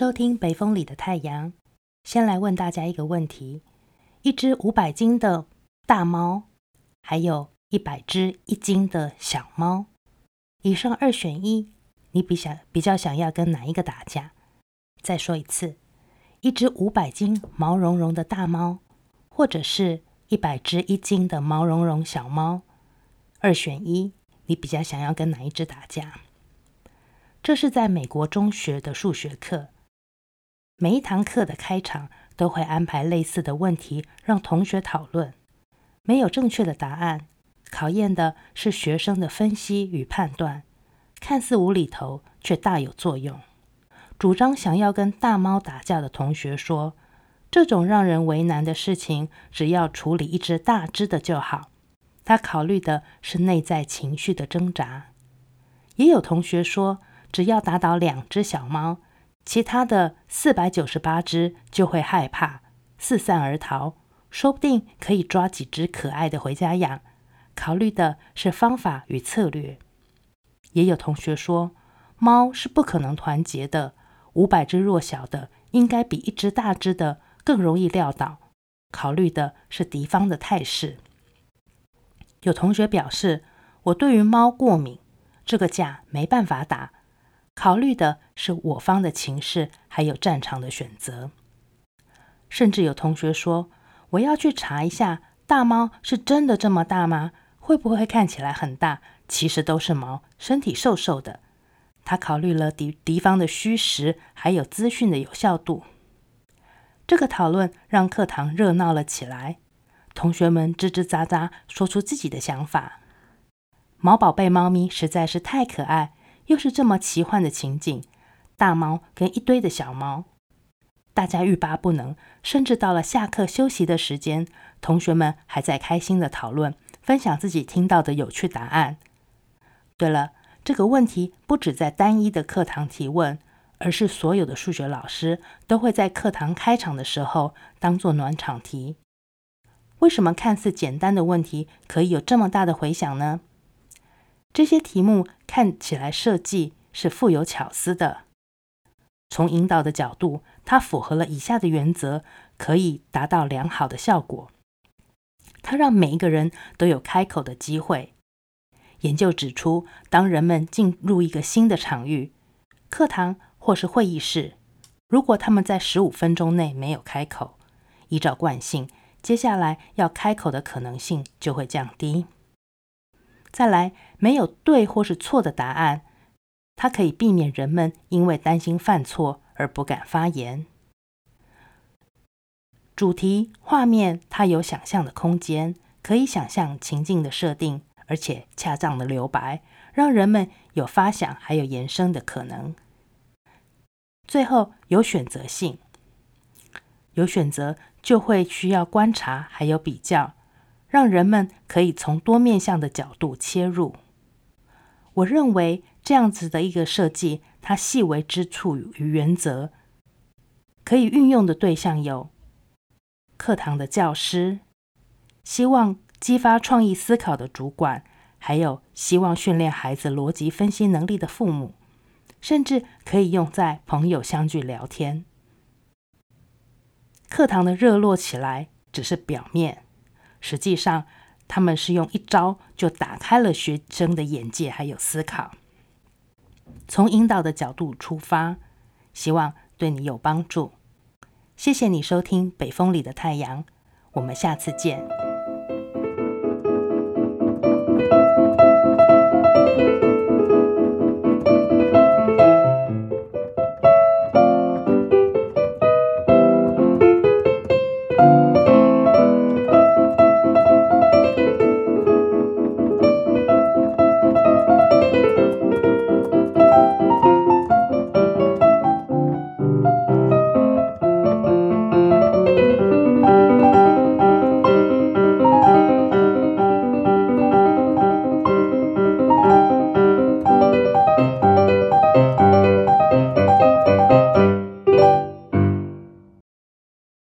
收聽北風裡的太陽。先來問大家一個問題：一隻五百斤的大貓，還有一百隻一斤的小貓，以上二選一，你比想比較想要跟哪一個打架？再說一次，一隻五百斤毛茸茸的大貓，或者是一百隻一斤的毛茸茸小貓，二選一，你比較想要跟哪一隻打架？這是在美國中學的數學課。每一堂課的開場都會安排類似的問題讓同學討論，沒有正確的答案，考驗的是學生的分析與判斷。看似無厘頭，卻大有作用。主張想要跟大貓打架的同學說，這種讓人為難的事情，只要處理一隻大隻的就好。他考慮的是內在情緒的掙扎。也有同學說，只要打倒兩隻小貓。其他的四百九十八隻就會害怕，四散而逃，說不定可以抓幾隻可愛的回家養。考慮的是方法與策略。也有同學說，貓是不可能團結的，五百隻弱小的，應該比一隻大隻的，更容易撂倒。考慮的是敵方的態勢。有同學表示，我對於貓過敏，這個架沒辦法打。考慮的是我方的情勢，還有戰場的選擇。甚至有同學說：“我要去查一下，大貓是真的這麼大嗎？會不會看起來很大，其實都是毛，身體瘦瘦的。”他考慮了敵敵方的虛實，還有資訊的有效度。這個討論讓課堂熱鬧了起來，同學們吱吱喳喳說出自己的想法。毛寶貝貓咪實在是太可愛。又是這麼奇幻的情景，大貓跟一堆的小貓，大家欲罷不能，甚至到了下課休息的時間，同學們還在開心的討論，分享自己聽到的有趣答案。對了，這個問題不只在單一的課堂提問，而是所有的數學老師都會在課堂開場的時候當做暖場題。為什麼看似簡單的問題可以有這麼大的回響呢？這些題目看起來設計是富有巧思的。從引導的角度，它符合了以下的原則，可以達到良好的效果。它讓每一個人都有開口的機會。研究指出，當人們進入一個新的場域，課堂或是會議室，如果他們在十五分鐘內沒有開口，依照慣性，接下來要開口的可能性就會降低。再來，沒有對或是錯的答案，它可以避免人們因為擔心犯錯而不敢發言。主題畫面，它有想象的空間，可以想象情境的設定，而且恰當的留白，讓人們有發想還有延伸的可能。最後，有選擇性，有選擇就會需要觀察還有比較。讓人們可以從多面向的角度切入。我認為這樣子的一個設計，它細微之處與原則，可以運用的對象有：課堂的教師，希望激發創意思考的主管，還有希望訓練孩子邏輯分析能力的父母，甚至可以用在朋友相聚聊天。課堂的熱絡起來只是表面。實際上，他們是用一招就打開了學生的眼界，還有思考。從引導的角度出發，希望對你有幫助。謝謝你收聽《北風裡的太陽》，我們下次見。